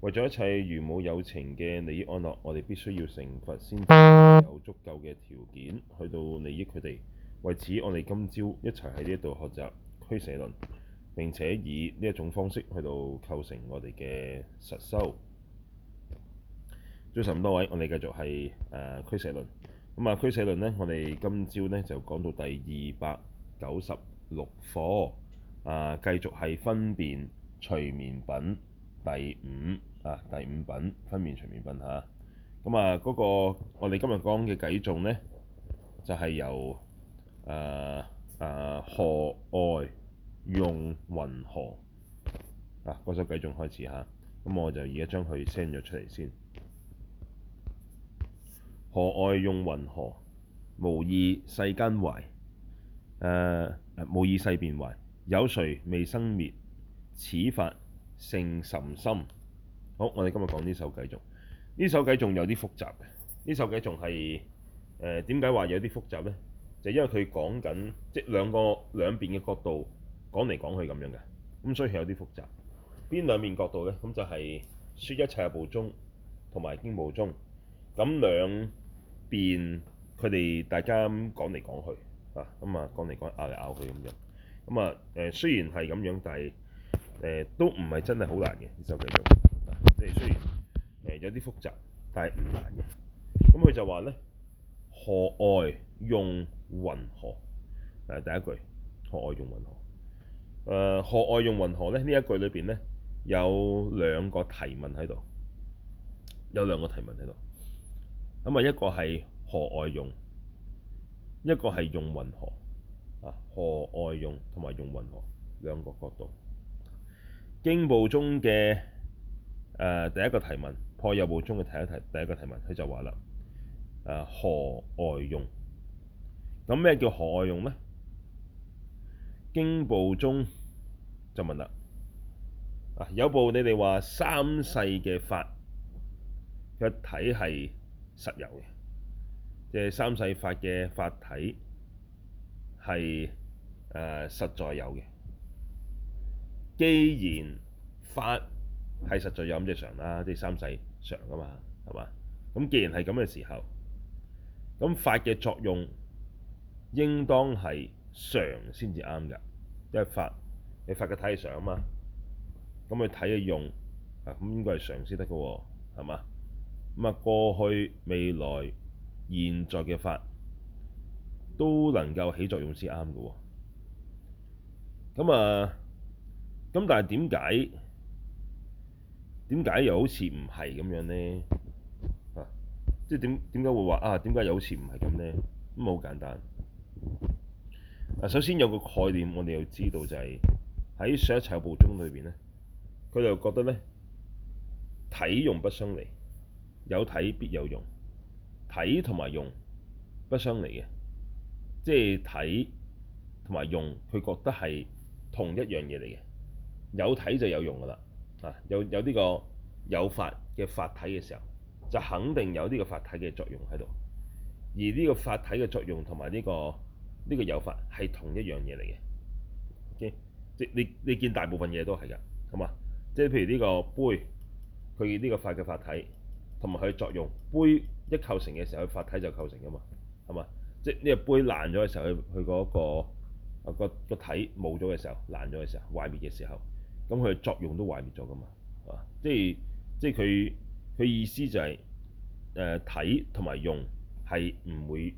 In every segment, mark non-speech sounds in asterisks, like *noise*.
為咗一切如冇有情嘅利益安樂，我哋必須要成佛先有足夠嘅條件去到利益佢哋。為此，我哋今朝一齊喺呢一度學習驅邪論，並且以呢一種方式去到構成我哋嘅實修。早晨咁多位，我哋繼續係誒驅邪論。咁啊，驅邪論呢，我哋今朝呢就講到第二百九十六課啊，繼續係分辨除眠品。第五啊，第五品，分別隨眠品嚇。咁啊，嗰、啊那個我哋今日講嘅偈頌呢，就係、是、由誒誒、啊啊、何礙用云何啊嗰首偈頌開始嚇。咁、啊、我就而家將佢 send 咗出嚟先。何礙用云何，無異世便壞誒誒、啊，無異世便壞。有誰未生滅此法性甚深，好，我哋今日講呢首繼續，呢首偈仲有啲複雜嘅，呢首偈仲係誒點解話有啲複雜呢？就因為佢講緊即兩個兩邊嘅角度講嚟講去咁樣嘅，咁所以係有啲複雜。邊兩邊角度呢？咁就係説一切有部宗同埋經部宗，咁兩邊佢哋大家咁講嚟講去啊，咁啊講嚟講拗嚟拗去咁樣，咁啊誒雖然係咁樣，但係。誒、呃，都唔係真係好難嘅呢首偈，啊，即係雖然誒、呃、有啲複雜，但係唔難嘅。咁、嗯、佢就話咧，何礙用云何，誒，第一句，何礙、呃、用云何。誒，何礙用云何咧，呢一句裏邊咧有兩個提問喺度，有兩個提問喺度。咁啊，一個係何礙用，一個係用云何。啊，何礙用同埋用云何兩個角度。經部宗嘅誒第一個提問，破有部宗嘅第一題，第一個提問，佢就話啦：誒、呃、何礙用？咁咩叫何礙用咧？經部宗就問啦：啊有部你哋話三世嘅法體係實有嘅，即係三世法嘅法體係誒、呃、實在有嘅。既然法係實在有咁隻常啦，即係三世常噶嘛，係嘛？咁既然係咁嘅時候，咁法嘅作用應當係常先至啱㗎，因為法你法嘅體係常啊嘛，咁你睇嘅用啊咁應該係常先得㗎喎，係嘛？咁啊過去、未來、現在嘅法都能夠起作用先啱㗎喎，咁啊～咁但係點解點解又好似唔係咁樣呢？即係點點解會話啊？點解又好似唔係咁呢？咁好簡單。嗱，首先有個概念，我哋要知道就係喺《上一抄》部中裏邊呢，佢就覺得呢：體用不相離，有體必有用，體同埋用不相離嘅，即係體同埋用，佢覺得係同一樣嘢嚟嘅。有體就有用㗎啦，啊有有呢個有法嘅法體嘅時候，就肯定有呢個法體嘅作用喺度。而呢個法體嘅作用同埋呢個呢、呢個有法係同一樣嘢嚟嘅。Okay? 即你你見大部分嘢都係㗎，咁啊，即係譬如呢個杯，佢呢個法嘅法體同埋佢作用，杯一構成嘅時候，佢法體就構成㗎嘛，係嘛？即係呢個杯爛咗嘅時候，佢佢嗰個、啊嗰個體冇咗嘅時候，爛咗嘅時候，壞滅嘅時候。咁佢作用都壞滅咗噶嘛，啊！即係即係佢佢意思就係誒體同埋用係唔會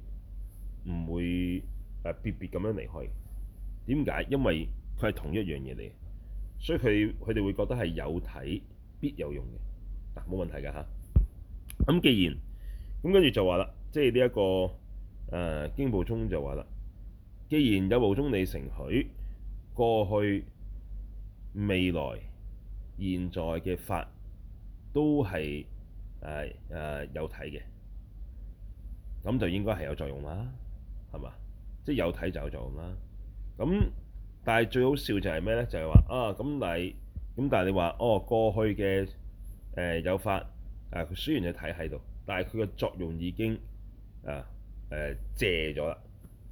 唔會誒、呃、別別咁樣離開？點解？因為佢係同一樣嘢嚟，所以佢佢哋會覺得係有體必有用嘅。嗱、啊、冇問題㗎吓。咁、啊、既然咁跟住就話啦，即係呢一個誒經部宗就話啦，既然有部宗你承許過去。未來現在嘅法都係誒誒有體嘅，咁就應該係有作用啦，係嘛？即係有體就有作用啦。咁但係最好笑就係咩咧？就係、是、話啊，咁嚟咁但係你話哦，過去嘅誒、呃、有法誒，佢、呃、雖然有體喺度，但係佢嘅作用已經、呃呃、啊誒謝咗啦，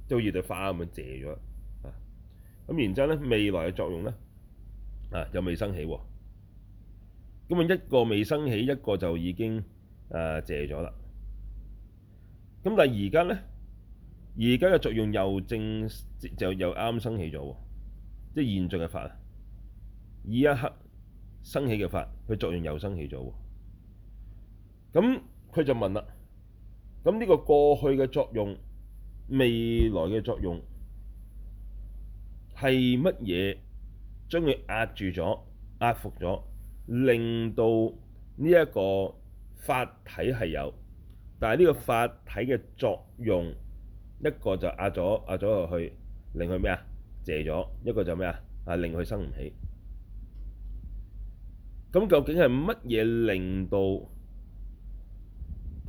都要好似朵花咁樣謝咗啦。咁然之後咧，未來嘅作用咧？啊！又未生起喎，咁啊一個未生起，一個就已經誒、呃、謝咗啦。咁但係而家咧，而家嘅作用又正就又啱生起咗喎，即係現在嘅法啊，呢一刻生起嘅法，佢作用又生起咗喎。咁佢就問啦，咁呢個過去嘅作用、未來嘅作用係乜嘢？將佢壓住咗、壓服咗，令到呢一個法體係有，但係呢個法體嘅作用，一個就壓咗、壓咗落去，令佢咩啊？謝咗，一個就咩啊？啊，令佢生唔起。咁究竟係乜嘢令到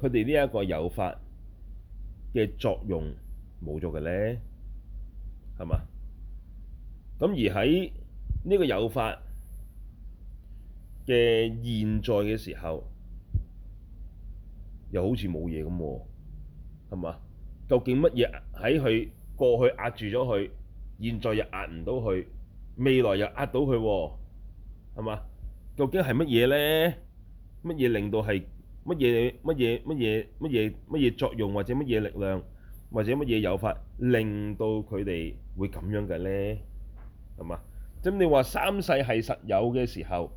佢哋呢一個有法嘅作用冇咗嘅咧？係嘛？咁而喺呢個有法嘅現在嘅時候，又好似冇嘢咁喎，係嘛？究竟乜嘢喺佢過去壓住咗佢，現在又壓唔到佢，未來又壓到佢喎，係嘛？究竟係乜嘢呢？乜嘢令到係乜嘢乜嘢乜嘢乜嘢乜嘢作用或者乜嘢力量或者乜嘢有法令到佢哋會咁樣嘅呢？係嘛？咁你話三世係實有嘅時候，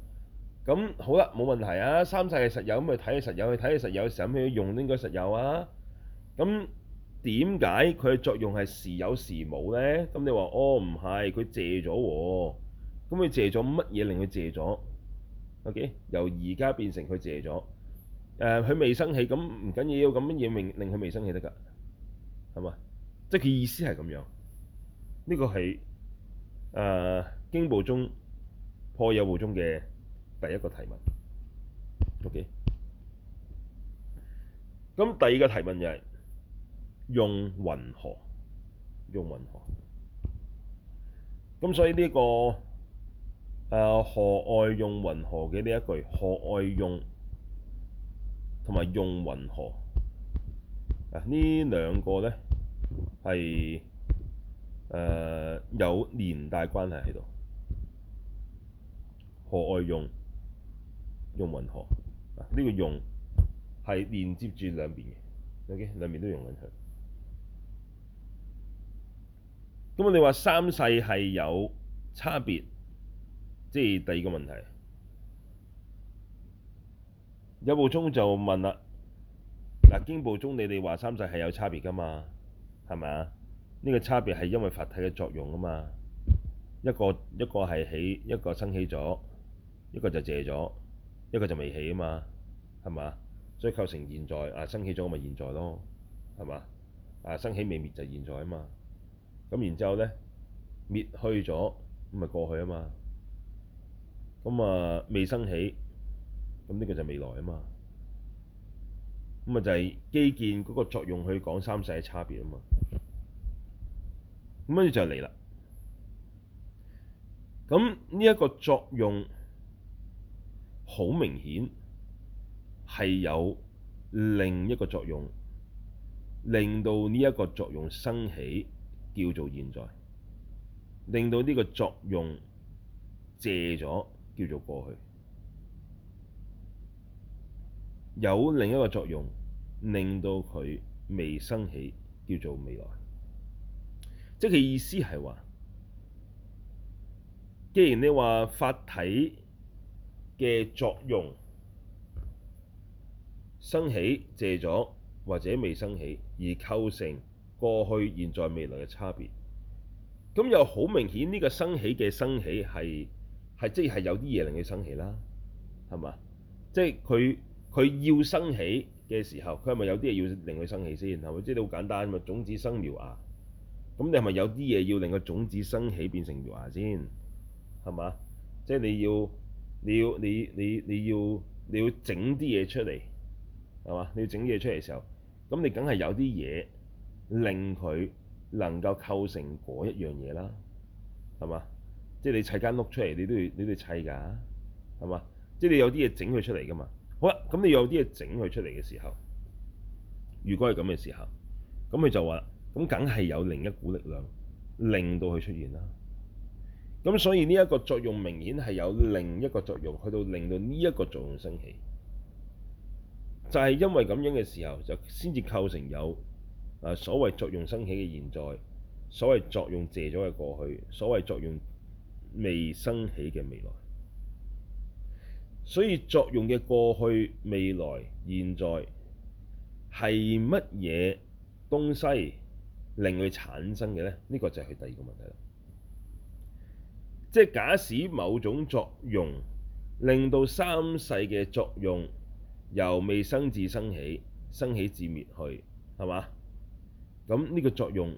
咁好啦，冇問題啊。三世係實有，咁佢體係實有，佢體係實有嘅時候，咩用都應該實有啊？咁點解佢嘅作用係時有時冇呢？咁你話哦，唔係佢謝咗喎。咁佢謝咗，乜嘢令佢謝咗？OK，由而家變成佢謝咗。誒，佢未生起，咁唔緊要，要咁乜嘢令令佢未生起得㗎？係嘛？即係佢意思係咁樣。呢個係誒。經部宗破有部宗嘅第一個提問，OK。咁第二個提問就係用云何，用云何。咁所以呢、這個誒、啊、何礙用云何嘅呢一句，何礙用同埋用云何啊？呢兩個呢係誒、呃、有連帶關係喺度。何礙用？用云何，啊！呢個用係連接住兩邊嘅，OK，兩邊都用云何。咁你哋話三世係有差別，即係第二個問題。有部宗就問啦，嗱經部宗你哋話三世係有差別噶嘛？係咪啊？呢、這個差別係因為法體嘅作用啊嘛，一個一個係起一個生起咗，一個就謝咗，一個就未起啊嘛，係嘛？所以構成現在啊，生起咗咪現在咯，係嘛？啊，生起未滅就係現在啊嘛，咁然之後咧滅去咗，咁咪過去啊嘛，咁啊未生起，咁呢個就未來啊嘛，咁啊就係基建嗰個作用去講三世嘅差別啊嘛，咁跟住就嚟啦，咁呢一個作用。好明顯係有另一個作用，令到呢一個作用生起叫做現在，令到呢個作用謝咗叫做過去，有另一個作用令到佢未生起叫做未來。即係意思係話，既然你話法體嘅作用生起借咗或者未生起而構成過去現在未來嘅差別，咁又好明顯呢個生起嘅生起係係即係有啲嘢令佢生起啦，係嘛？即係佢佢要生起嘅時候，佢係咪有啲嘢要令佢生起先？係咪？即係好簡單嘛，種子生苗芽，咁你係咪有啲嘢要令個種子生起變成苗芽先？係嘛？即係你要。你要你你你要你要整啲嘢出嚟，係嘛？你要整啲嘢出嚟嘅時候，咁你梗係有啲嘢令佢能夠構成嗰一樣嘢啦，係嘛？即係你砌間屋出嚟，你都要你都要砌㗎，係嘛？即係你有啲嘢整佢出嚟㗎嘛？好啦，咁你有啲嘢整佢出嚟嘅時候，如果係咁嘅時候，咁佢就話，咁梗係有另一股力量令到佢出現啦。咁所以呢一個作用明顯係有另一個作用，去到令到呢一個作用生起，就係、是、因為咁樣嘅時候，就先至構成有所謂作用生起嘅現在，所謂作用謝咗嘅過去，所謂作用未生起嘅未來。所以作用嘅過去、未來、現在係乜嘢東西令佢產生嘅呢？呢、這個就係佢第二個問題啦。即係假使某種作用令到三世嘅作用由未生至生起，生起至滅去，係嘛？咁呢個作用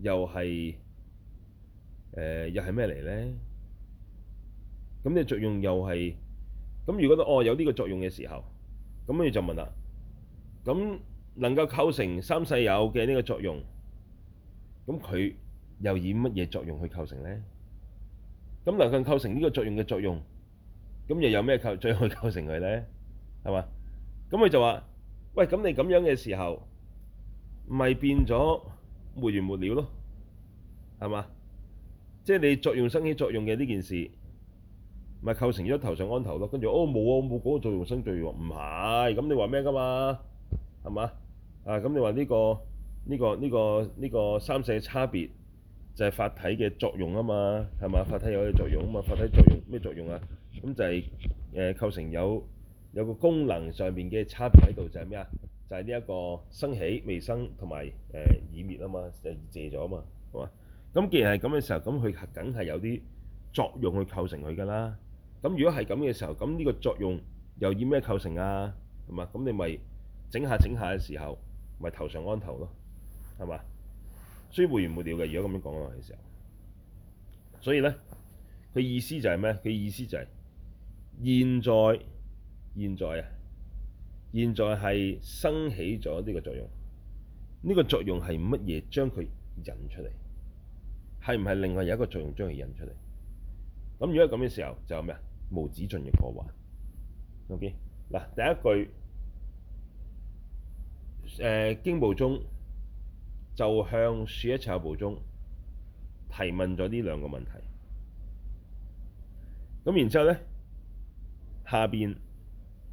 又係誒、呃、又係咩嚟咧？咁呢個作用又係咁？如果哦有呢個作用嘅時候，咁你就問啦。咁能夠構成三世有嘅呢個作用，咁佢又以乜嘢作用去構成咧？咁能夠構成呢個作用嘅作用，咁又有咩作用去構成佢咧？係嘛？咁佢就話：喂，咁你咁樣嘅時候，咪變咗沒完沒了咯？係嘛？即係你作用生起作用嘅呢件事，咪構成咗頭上安頭咯？跟住哦，冇啊，冇嗰個作用生作用，唔係，咁你話咩㗎嘛？係嘛？啊，咁你話呢個呢個呢個呢個三世差別？就係法體嘅作用啊嘛，係嘛？法體有嘢作用啊嘛，法體作用咩作用啊？咁就係、是、誒、呃、構成有有個功能上面嘅差別喺度，就係咩啊？就係呢一個生起、未生同埋誒滅啊嘛，就謝咗啊嘛，好啊？咁既然係咁嘅時候，咁佢梗係有啲作用去構成佢㗎啦。咁如果係咁嘅時候，咁呢個作用又以咩構成啊？係嘛？咁你咪整下整下嘅時候，咪頭上安頭咯，係嘛？所以沒完沒了嘅，如果咁樣講嘅時候，所以咧，佢意思就係咩？佢意思就係、是、現在、現在啊、現在係生起咗呢個作用。呢、這個作用係乜嘢？將佢引出嚟，係唔係另外有一個作用將佢引出嚟？咁如果咁嘅時候就有咩啊？無止盡嘅過患。OK，嗱第一句誒經部宗就向說一切有部宗提問咗呢兩個問題，咁然之後呢下邊，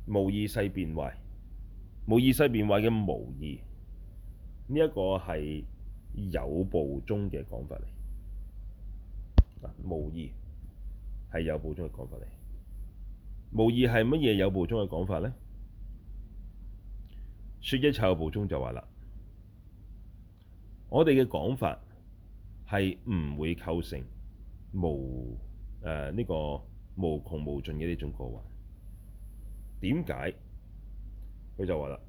無異世便壞，無異世便壞嘅「無異」，呢一個係有部宗嘅講法嚟，嗱無異係有部宗嘅講法嚟，「無異」係乜嘢有部宗嘅講法呢？說一切有部宗就話啦。我哋嘅講法係唔會構成無誒呢個無窮無盡嘅呢種過患。點解？佢就話啦，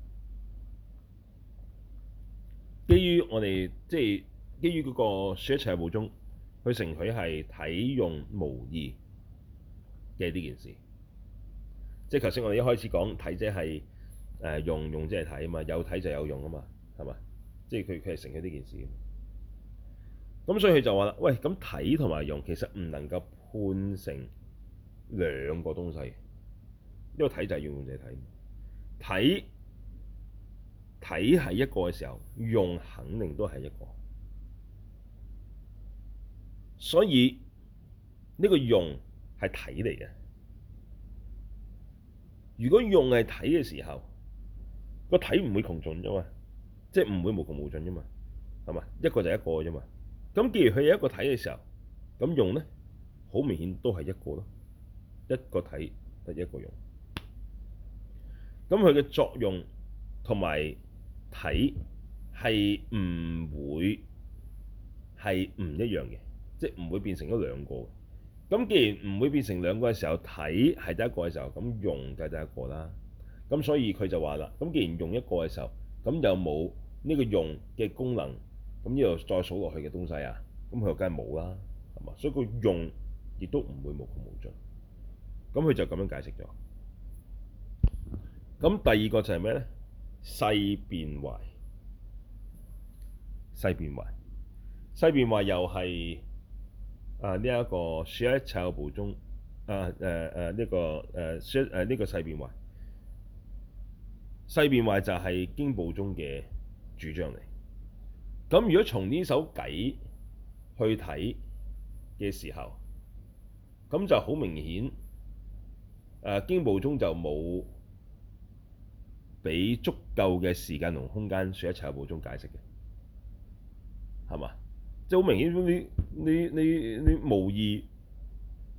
基於我哋即係基於嗰個說一切有宗，佢承許係體用無二嘅呢件事。即係頭先我哋一開始講體即係誒用，用即係體啊嘛，有體就有用啊嘛，係嘛？即係佢佢係成咗呢件事嘅，咁所以佢就話啦，喂，咁體同埋用其實唔能夠判成兩個東西，因為體就係用，用就係體，體，體係一個嘅時候，用肯定都係一個，所以呢個用係體嚟嘅，如果用係體嘅時候，個體唔會窮盡咗嘛。即係唔會無窮無盡啫嘛，係嘛？一個就一個嘅啫嘛。咁既然佢有一個體嘅時候，咁用呢，好明顯都係一個咯，一個體得一個用。咁佢嘅作用同埋體係唔會係唔一樣嘅，即係唔會變成咗兩個。咁既然唔會變成兩個嘅時候，體係第一個嘅時候，咁用就第一個啦。咁所以佢就話啦，咁既然用一個嘅時候，咁又冇呢個用嘅功能？咁呢度再數落去嘅東西啊，咁佢又梗係冇啦，係嘛？所以佢用亦都唔會無窮無盡。咁佢就咁樣解釋咗。咁第二個就係咩咧？世便壞，世便壞，世便壞又係啊，呢一、這個樹一齊嘅部中啊，誒誒呢個誒誒呢個世便壞。世便壞就係經部宗嘅主張嚟，咁如果從呢首偈去睇嘅時候，咁就好明顯，誒、呃、經部宗就冇俾足夠嘅時間同空間，説一切有部宗解釋嘅，係嘛？即係好明顯，你你你你，你無異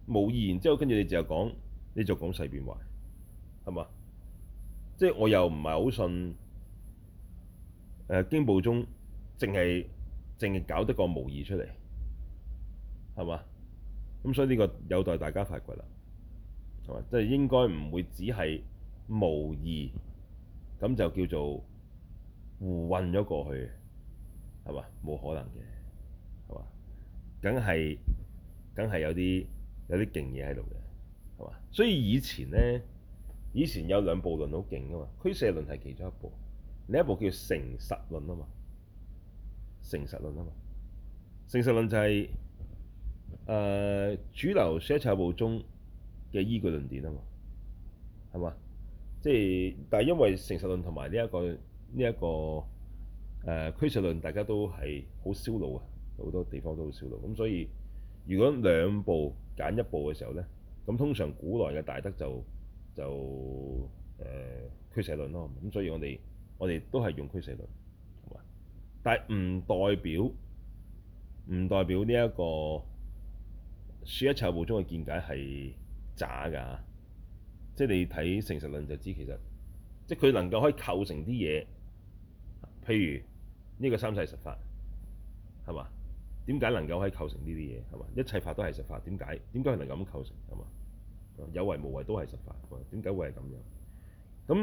無異，然之後跟住你就講，你就講世便壞，係嘛？即係我又唔係好信，誒、經部宗淨係淨係搞得個模擬出嚟，係嘛？咁所以呢個有待大家發掘啦，係嘛？即係應該唔會只係模擬，咁就叫做糊混咗過去，係嘛？冇可能嘅，係嘛？梗係梗係有啲有啲勁嘢喺度嘅，係嘛？所以以前咧。以前有兩部論好勁㗎嘛，俱舍論係其中一部，另一部叫成實論啊嘛。成實論啊嘛，成實論就係、是、誒、呃、主流寫策報中嘅依據論點啊嘛，係嘛？即、就、係、是、但係因為成實論同埋呢一個呢一、這個誒、呃、俱舍論，大家都係好燒腦啊，好多地方都好燒腦咁，所以如果兩部揀一部嘅時候咧，咁通常古來嘅大德就。就誒趨勢論咯，咁所以我哋我哋都係用俱舍論，同埋，但係唔代表唔代表呢一個説一切有部宗嘅見解係渣㗎，即係你睇成實論就知其實，即係佢能夠可以構成啲嘢，譬如呢、這個三世實法，係嘛？點解能夠可以構成呢啲嘢係嘛？一切法都係實法，點解？點解能夠咁構成係嘛？有為無為都係實法。點解會係咁樣？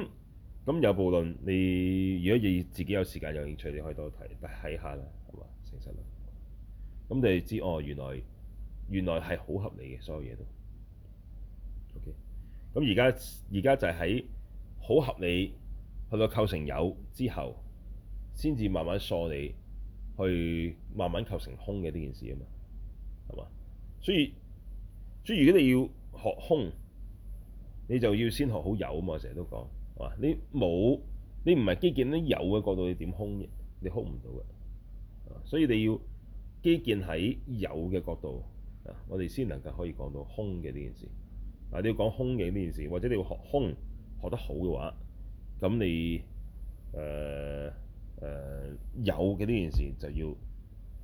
咁咁有部論，你如果你自己有時間有興趣，你可以多睇，睇下啦，係嘛？誠實啦。咁你知哦，原來原來係好合理嘅，所有嘢都 OK。咁而家而家就係喺好合理去到構成有之後，先至慢慢喪你去慢慢構成空嘅呢件事啊嘛，係嘛？所以所以如果你要，學空，你就要先學好有啊嘛！我成日都講，係嘛？你冇，你唔係基建啲有嘅角度，你點空啫？你空唔到嘅。所以你要基建喺有嘅角度啊，我哋先能夠可以講到空嘅呢件事。嗱、啊，你要講空嘅呢件事，或者你要學空學得好嘅話，咁你誒誒、呃呃、有嘅呢件事就要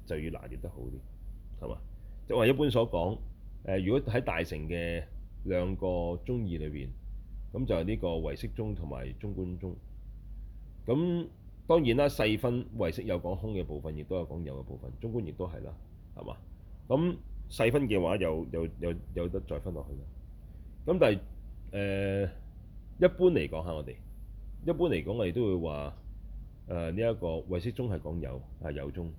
就要拿捏得好啲，係嘛？即係話一般所講。誒，如果喺大乘嘅兩個宗義裏邊，咁就係呢個唯識宗同埋中觀宗。咁當然啦，細分唯識有講空嘅部分，亦都有講有嘅部分，中觀亦都係啦，係嘛？咁細分嘅話有，又又又有得再分落去啦。咁但係誒、呃，一般嚟講下我哋一般嚟講，我哋都會話誒呢一個唯識宗係講有啊，有宗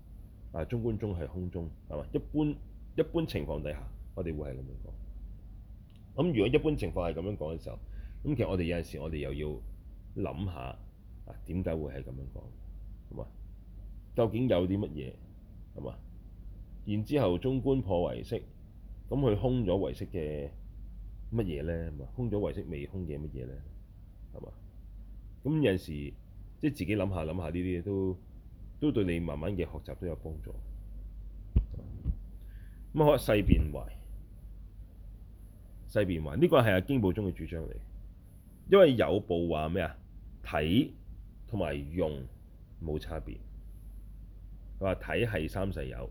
啊，中觀宗係空宗，係嘛？一般、呃這個、中中一般一般情況底下。我哋會係咁樣講，咁如果一般情況係咁樣講嘅時候，咁其實我哋有陣時我哋又要諗下，啊點解會係咁樣講，係嘛？究竟有啲乜嘢，係嘛？然之後中觀破為式，咁佢空咗為式嘅乜嘢咧？係嘛？空咗為式未空嘅乜嘢咧？係嘛？咁有陣時即係自己諗下諗下呢啲都都對你慢慢嘅學習都有幫助。咁啊世便壞。世便壞，呢個係阿經部宗嘅主張嚟，因為有部話咩啊？體同埋用冇差別，佢話體係三世有，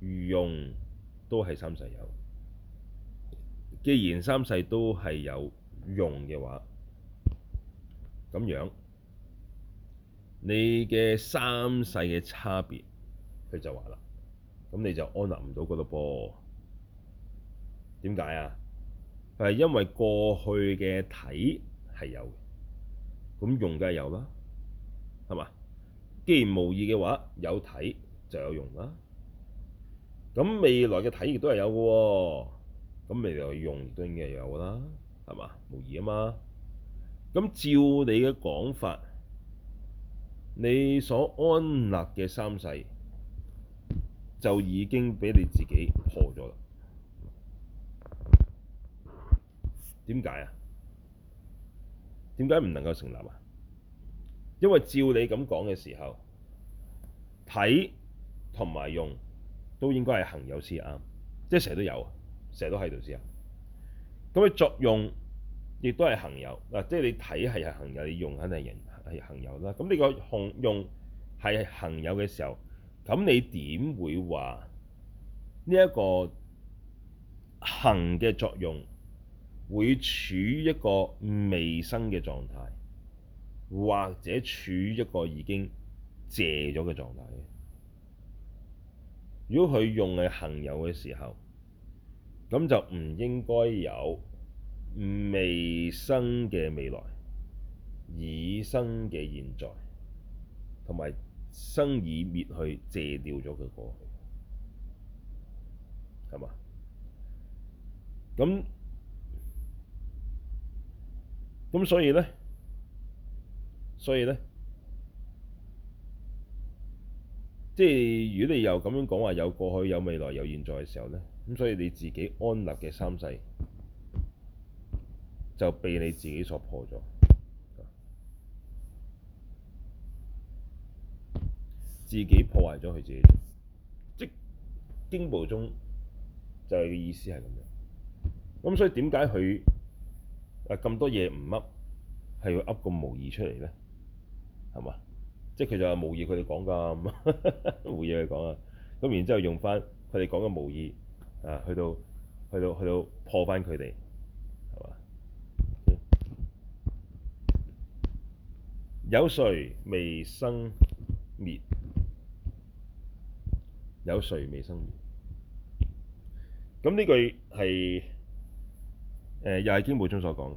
用都係三世有。既然三世都係有用嘅話，咁樣你嘅三世嘅差別，佢就話啦，咁你就安納唔到噶咯噃？點解啊？係因為過去嘅體係有嘅，咁用梗係有啦，係嘛？既然無異嘅話，有體就有用啦。咁未來嘅體亦都係有嘅喎，咁未來用亦都應該有啦，係嘛？無異啊嘛。咁照你嘅講法，你所安立嘅三世就已經俾你自己破咗啦。點解啊？點解唔能夠成立啊？因為照你咁講嘅時候，體同埋用都應該係恆有先啱，即係成日都有，成日都喺度先啊。咁嘅作用亦都係恆有嗱，即係你體係恆有，你用肯定係恆有啦。咁你個用係恆有嘅時候，咁你點會話呢一個恆嘅作用？會處一個未生嘅狀態，或者處一個已經謝咗嘅狀態嘅。如果佢用嚟恆有嘅時候，咁就唔應該有未生嘅未來，已生嘅現在，同埋生已滅去謝掉咗佢過去，係嘛？咁咁所以咧，所以咧，即係如果你又咁樣講話有過去、有未來、有現在嘅時候咧，咁所以你自己安立嘅三世就被你自己所破咗，自己破壞咗佢自己，即經部宗就係個意思係咁樣。咁所以點解佢？咁多嘢唔噏，係要噏個模擬出嚟咧，係嘛？即係佢就話模擬佢哋講噶，模擬佢講啊，咁然之後用翻佢哋講嘅模擬啊，去到去到去到破翻佢哋，係嘛？有誰未生滅？有誰未生滅？咁呢句係？誒又係經部宗所講，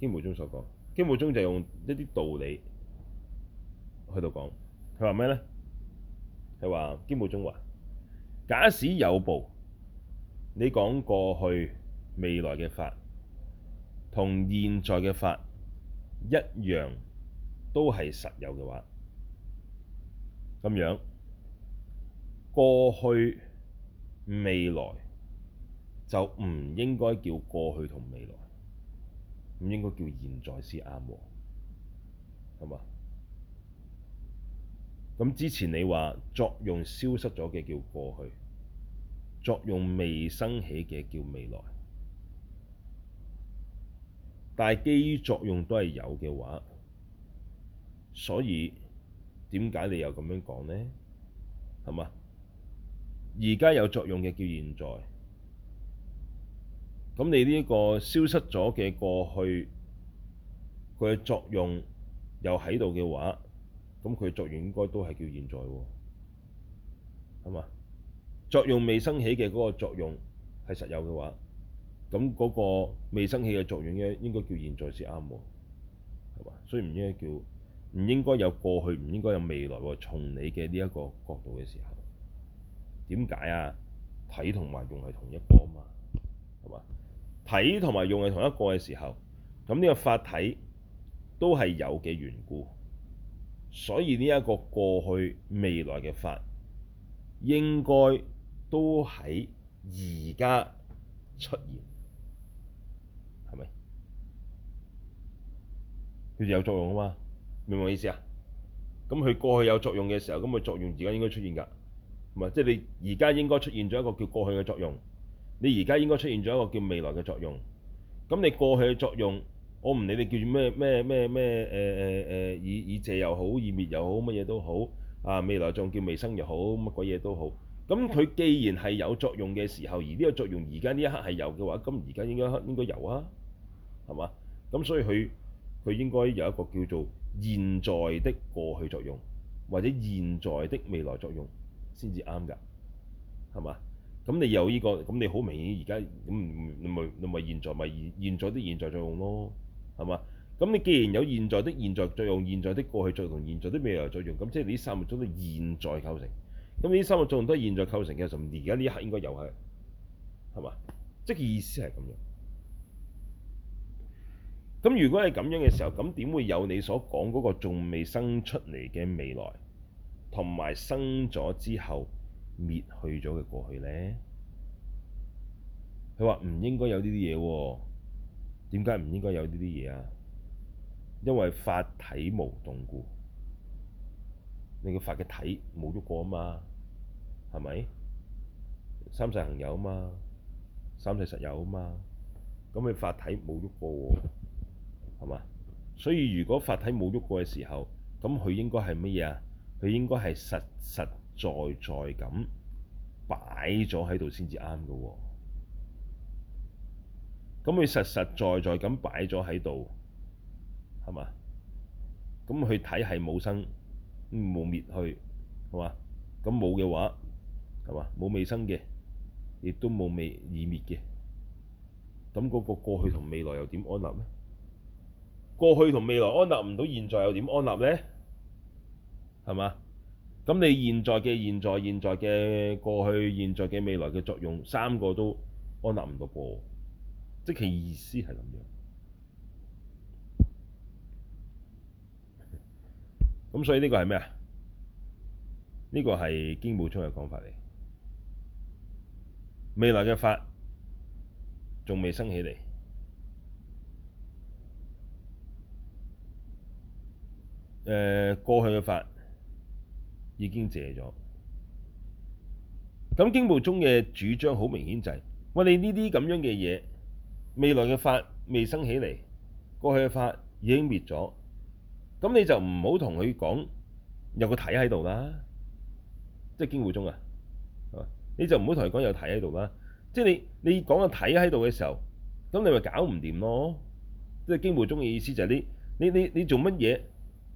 經部宗所講，經部宗就用一啲道理去到講，佢話咩咧？佢話經部宗話，假使有部，你講過去、未來嘅法，同現在嘅法一樣，都係實有嘅話，咁樣過去未來。就唔應該叫過去同未來，唔應該叫現在先啱喎。係嘛？咁之前你話作用消失咗嘅叫過去，作用未生起嘅叫未來，但係基於作用都係有嘅話，所以點解你又咁樣講呢？係嘛？而家有作用嘅叫現在。咁你呢一個消失咗嘅過去，佢嘅作用又喺度嘅話，咁佢作用應該都係叫現在喎，係嘛？作用未生起嘅嗰個作用係實有嘅話，咁嗰個未生起嘅作用咧，應該叫現在先啱喎，係嘛？所以唔應該叫，唔應該有過去，唔應該有未來喎。從你嘅呢一個角度嘅時候，點解啊？體同埋用係同一個啊嘛。體同埋用係同一個嘅時候，咁、這、呢個法體都係有嘅緣故，所以呢一個過去未來嘅法應該都喺而家出現，係咪？佢有作用啊嘛，明唔明我意思啊？咁佢過去有作用嘅時候，咁佢作用而家應該出現㗎，唔係，即係你而家應該出現咗一個叫過去嘅作用。你而家應該出現咗一個叫未來嘅作用，咁你過去嘅作用，我唔理你叫住咩咩咩咩誒誒誒，以以謝又好，以滅又好，乜嘢都好啊，未來仲叫未生又好，乜鬼嘢都好，咁佢既然係有作用嘅時候，而呢個作用而家呢一刻係有嘅話，咁而家呢一刻應該有啊，係嘛？咁所以佢佢應該有一個叫做現在的過去作用，或者現在的未來作用先至啱㗎，係嘛？咁你有呢個，咁你好明顯而家，咁唔咪唔咪現在咪現現在啲現在作用咯，係嘛？咁你既然有現在的現在作用、現在的過去作用、現在的未來作用，咁即係你三個都都現在構成。咁呢三個作用都係現在構成嘅時候，而家呢一刻應該又係，係嘛？即係意思係咁樣。咁如果係咁樣嘅時候，咁點會有你所講嗰個仲未生出嚟嘅未來，同埋生咗之後？滅去咗嘅過去咧，佢話唔應該有呢啲嘢喎，點解唔應該有呢啲嘢啊？因為法體無動故，你個法嘅體冇喐過啊嘛，係咪？三世行有啊嘛，三世實有啊嘛，咁你法體冇喐過喎、啊，係嘛？所以如果法體冇喐過嘅時候，咁佢應該係乜嘢啊？佢應該係實實。實在在咁擺咗喺度先至啱嘅喎，咁佢實實在在咁擺咗喺度，係嘛？咁佢體係冇生冇滅去，係嘛？咁冇嘅話係嘛？冇未生嘅，亦都冇未已滅嘅，咁嗰個過去同未來又點安立呢？過去同未來安立唔到，現在又點安立呢？係嘛？咁你現在嘅現在、現在嘅過去、現在嘅未來嘅作用，三個都安立唔到波，即其意思係咁樣。咁所以呢個係咩啊？呢個係經部宗嘅講法嚟。未來嘅法仲未升起嚟。誒、呃，過去嘅法。已經謝咗。咁經部宗嘅主張好明顯就係：喂，你呢啲咁樣嘅嘢，未來嘅法未生起嚟，過去嘅法已經滅咗。咁你就唔好同佢講有個體喺度啦，即係經部宗啊，你就唔好同佢講有體喺度啦。即係你你講個體喺度嘅時候，咁你咪搞唔掂咯。即係經部宗嘅意思就係啲你你你，你做乜嘢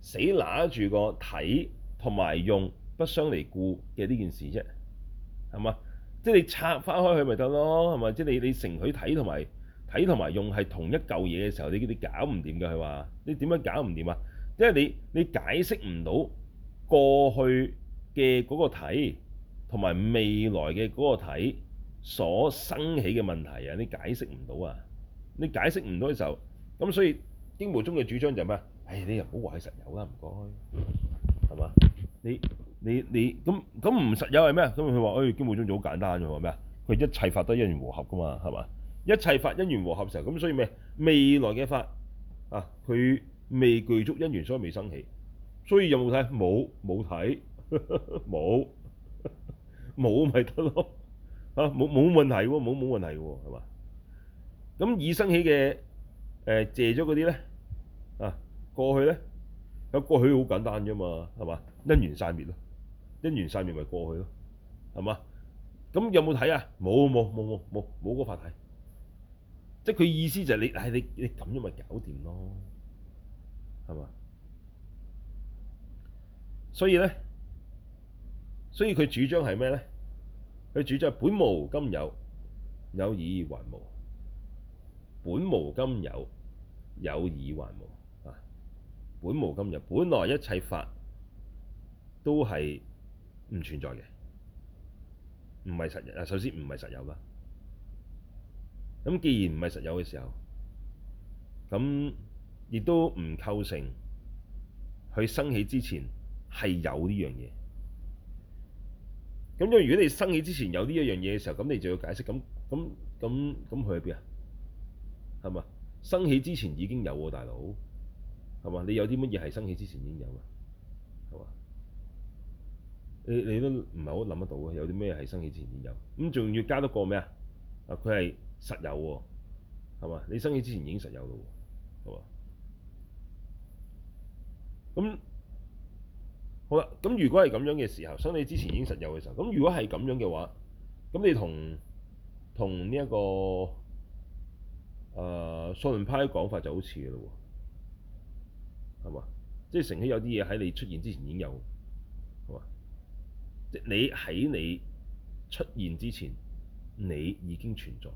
死拿住個體？同埋用不相離故嘅呢件事啫，係嘛？即係你拆翻開佢咪得咯，係咪？即係你你承佢體同埋體同埋用係同一嚿嘢嘅時候，你搞你搞唔掂㗎？佢話你點樣搞唔掂啊？即係你你解釋唔到過去嘅嗰個體同埋未來嘅嗰個體所生起嘅問題啊！你解釋唔到啊！你解釋唔到嘅時候，咁所以經部宗嘅主張就咩啊？唉、哎，你又唔好話係實有啦，唔該。係嘛？你你你咁咁唔實有係咩？咁佢話：誒、哎，經部宗就好簡單嘅話咩啊？佢一切法都因緣和合㗎嘛，係嘛？一切法因緣和合時候，咁所以咩？未來嘅法啊，佢未具足因緣，所以未生起。所以有冇睇？冇冇睇？冇冇咪得咯？嚇 *laughs* 沒有！冇 *laughs* 冇、啊、問題喎，冇冇問題喎，係嘛？咁已生起嘅誒、呃、借咗嗰啲咧啊，過去咧。有過去好簡單啫嘛，係嘛？因緣散滅咯，因緣散滅咪過去咯，係嘛？咁有冇體啊？冇冇冇冇冇冇嗰個法體，即係佢意思就係你，唉，你你咁樣咪搞掂咯，係嘛？所以咧，所以佢主張係咩咧？佢主張係本無今有，有已還無；本無今有，有已還無。本無今有，本來一切法都係唔存在嘅，唔係實有啊。首先唔係實有啦。咁既然唔係實有嘅時候，咁亦都唔構成佢生起之前係有呢樣嘢。咁即係如果你生起之前有呢一樣嘢嘅時候，咁你就要解釋，咁咁咁咁佢喺邊啊？係咪啊？生起之前已經有喎，大佬。係嘛？你有啲乜嘢係生起之前已經有啊？係嘛？你你都唔係好諗得到嘅，有啲咩係生起之前已經有？咁仲要加多個咩啊？啊，佢係實有喎，係嘛？你生起之前已經實有咯，係嘛？咁好啦，咁如果係咁樣嘅時候，生起之前已經實有嘅時候，咁如果係咁樣嘅話，咁你同同呢一個誒數論派嘅講法就好似㗎咯喎。係嘛？即係成日有啲嘢喺你出現之前已經有，係嘛？即係你喺你出現之前，你已經存在，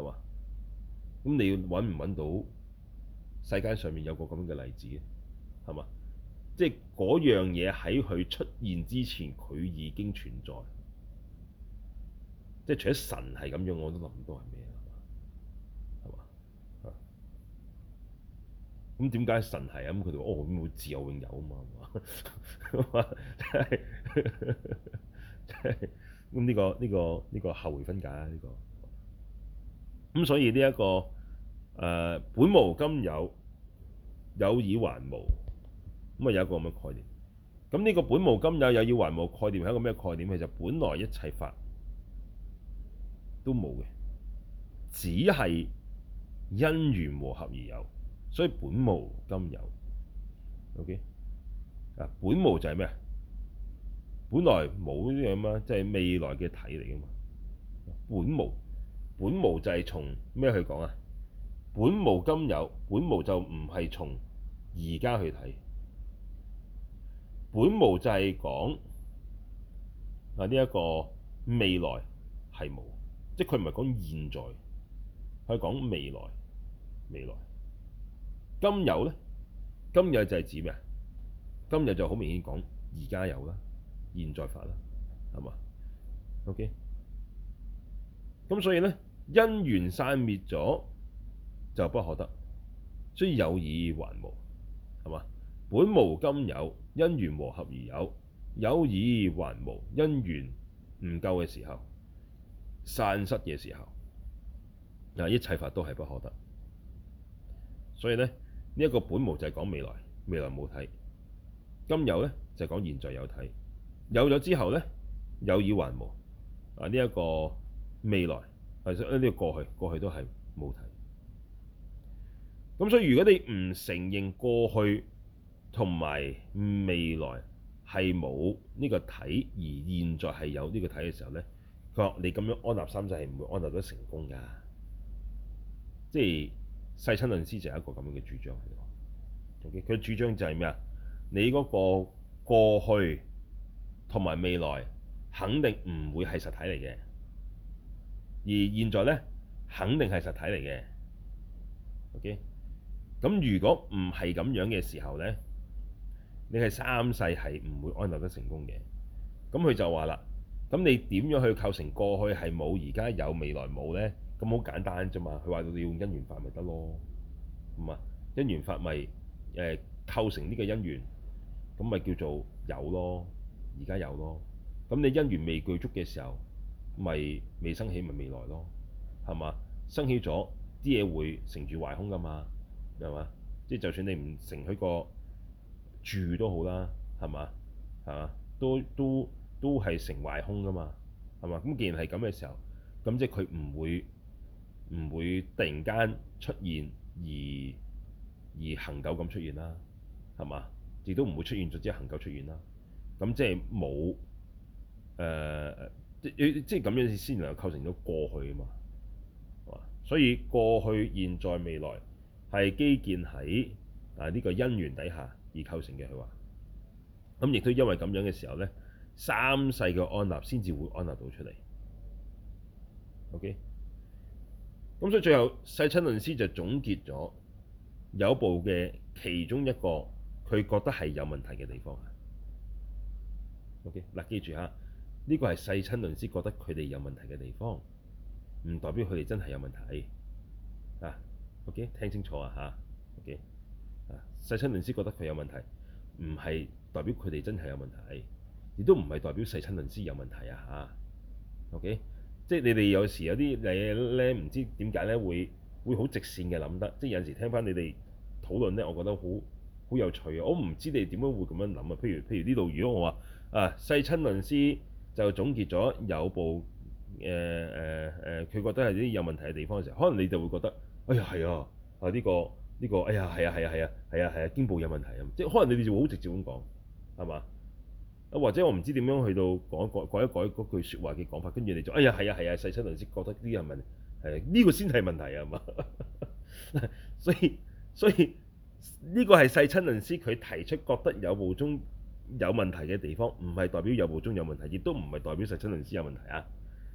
係嘛？咁你要揾唔揾到世界上面有個咁嘅例子咧？係嘛？即係嗰樣嘢喺佢出現之前，佢已經存在。即係除咗神係咁樣，我都諗唔到係咩。咁點解神係咁？佢哋話：哦，會自有永有啊嘛，係嘛？即係，即係咁呢個呢個呢個後回分解啊！呢個咁所以呢一個誒本無今有，有已還無。咁啊有一個咁嘅概念。咁呢個本無今有有已還無概念係一個咩概念？其實本來一切法都冇嘅，只係因緣和合而有。所以本無今有，OK 啊？本無就係咩啊？本來冇呢樣啊，即係未來嘅體嚟噶嘛。本無，本無就係從咩去講啊？本無今有，本無就唔係從而家去睇。本無就係講啊呢一個未來係冇，即係佢唔係講現在，佢係講未來，未來。今有呢？今日就係指咩？今日就好明顯講，而家有啦，現在法啦，係嘛？OK，咁所以呢，因緣散滅咗就不可得，所以有已還無，係嘛？本無今有，因緣和合而有，有已還無，因緣唔夠嘅時候，散失嘅時候，嗱一切法都係不可得，所以呢。呢一個本無就係講未來，未來冇體；今有呢，就係、是、講現在有體，有咗之後呢，有以還無。啊，呢一個未來係誒呢個過去，過去都係冇體。咁所以如果你唔承認過去同埋未來係冇呢個體，而現在係有呢個體嘅時候呢，佢話你咁樣安納三世，係唔會安納得成功㗎，即係。世親論師就係一個咁樣嘅主張，OK，佢嘅主張就係咩啊？你嗰個過去同埋未來肯定唔會係實體嚟嘅，而現在咧肯定係實體嚟嘅，OK。咁如果唔係咁樣嘅時候咧，你係三世係唔會安立得成功嘅。咁佢就話啦，咁你點樣去構成過去係冇，而家有，未來冇咧？咁好簡單啫嘛！佢話要用因緣法咪得咯，唔係因緣法咪誒、呃、構成呢個因緣，咁咪叫做有咯。而家有咯。咁你因緣未具足嘅時候，咪未生起，咪未來咯，係嘛？生起咗啲嘢會成住壞空㗎嘛，係嘛？即係就算你唔成佢個住都好啦，係嘛？係嘛？都都都係成壞空㗎嘛，係嘛？咁既然係咁嘅時候，咁即係佢唔會。唔會突然間出現，而而恆久咁出現啦，係嘛？亦都唔會出現咗之後恆久出現啦。咁即係冇誒，即係、呃、即係咁樣先能夠構成咗過去啊嘛，所以過去、現在、未來係基建喺啊呢個因緣底下而構成嘅。佢話，咁亦都因為咁樣嘅時候呢，三世嘅安立先至會安立到出嚟。OK。咁所以最後，世親論師就總結咗有部嘅其中一個，佢覺得係有問題嘅地方啊。OK，嗱記住嚇，呢個係世親論師覺得佢哋有問題嘅地方，唔代表佢哋真係有問題啊。OK，聽清楚啊嚇。OK，啊，世親論師覺得佢有問題，唔係代表佢哋真係有問題，亦都唔係代表世親論師有問題啊嚇。OK。即係你哋有時有啲嘢咧，唔知點解咧會會好直線嘅諗得，即係有時聽翻你哋討論咧，我覺得好好有趣啊！我唔知你點樣會咁樣諗啊？譬如譬如呢度，如果我話啊，世親論師就總結咗有部誒誒誒，佢、呃呃呃、覺得係啲有問題嘅地方嘅時候，可能你就會覺得，哎呀係啊，啊呢個呢個，哎呀係啊係啊係啊係啊係啊，啊經部有問題啊！即係可能你哋就會好直接咁講，係嘛？或者我唔知點樣去到改一改改一改嗰句說話嘅講法，跟住你就，哎呀，係呀，係呀，世親論師覺得呢個係問題，誒呢個先係問題啊嘛， *laughs* 所以所以呢個係世親論師佢提出覺得有部中有問題嘅地方，唔係代表有部中有問題，亦都唔係代表世親論師有問題啊。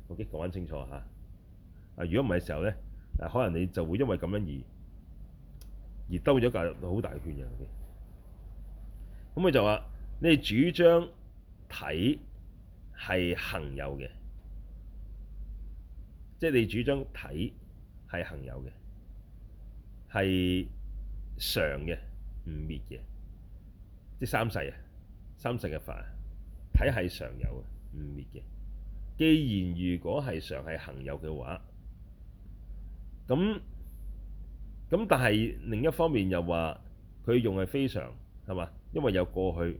OK 講清楚嚇，啊如果唔係時候呢，啊可能你就會因為咁樣而而兜咗個好大嘅圈嘅。咁佢就話你主張。體係恒有嘅，即係你主張體係恒有嘅，係常嘅，唔滅嘅，即係三世啊，三世嘅法啊，體係常有嘅，唔滅嘅。既然如果係常係恒有嘅話，咁咁但係另一方面又話佢用係非常係嘛？因為有過去。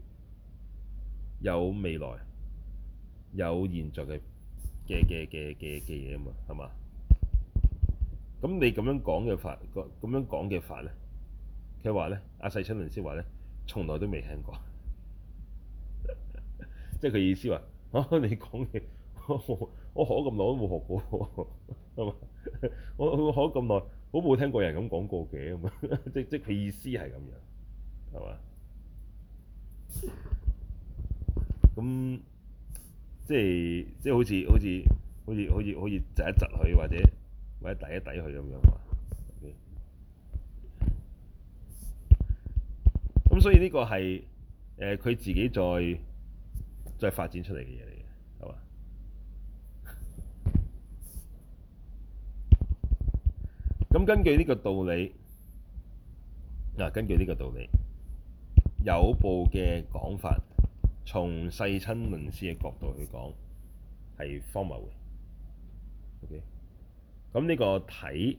有未來，有現在嘅嘅嘅嘅嘅嘅嘢啊嘛，係嘛？咁你咁樣講嘅法，咁樣講嘅法咧，佢話咧，阿世親論師話咧，從來都未聽過。 *laughs* 即係佢意思、啊、話，你講嘢，我學咁耐都冇學過，係嘛？我我學咁耐，好冇聽過人咁講過嘅，咁即即佢意思係咁樣，係嘛？ *laughs* 咁、嗯、即係即係好似好似好似好似好似窒一窒佢或者或者抵一抵佢咁樣喎。咁、嗯、所以呢個係誒佢自己再再發展出嚟嘅嘢嚟嘅，係嘛？咁、 *laughs* 嗯、根據呢個道理，嗱、啊、根據呢個道理，有部嘅講法。從世親論師嘅角度去講，係荒謬嘅。OK，咁呢個體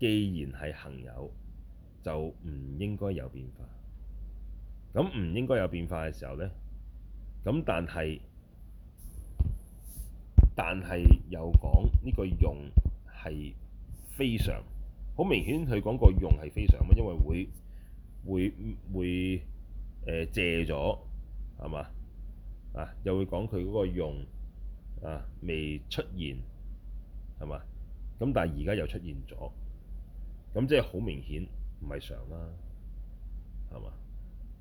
既然係恆有，就唔應該有變化。咁唔應該有變化嘅時候咧，咁但係但係又講呢個用係非常。好明顯，佢講個用係非常咩？因為會會會誒、呃、借咗。係嘛啊？又會講佢嗰個用啊，未出現係嘛？咁但係而家又出現咗，咁即係好明顯唔係常啦，係嘛？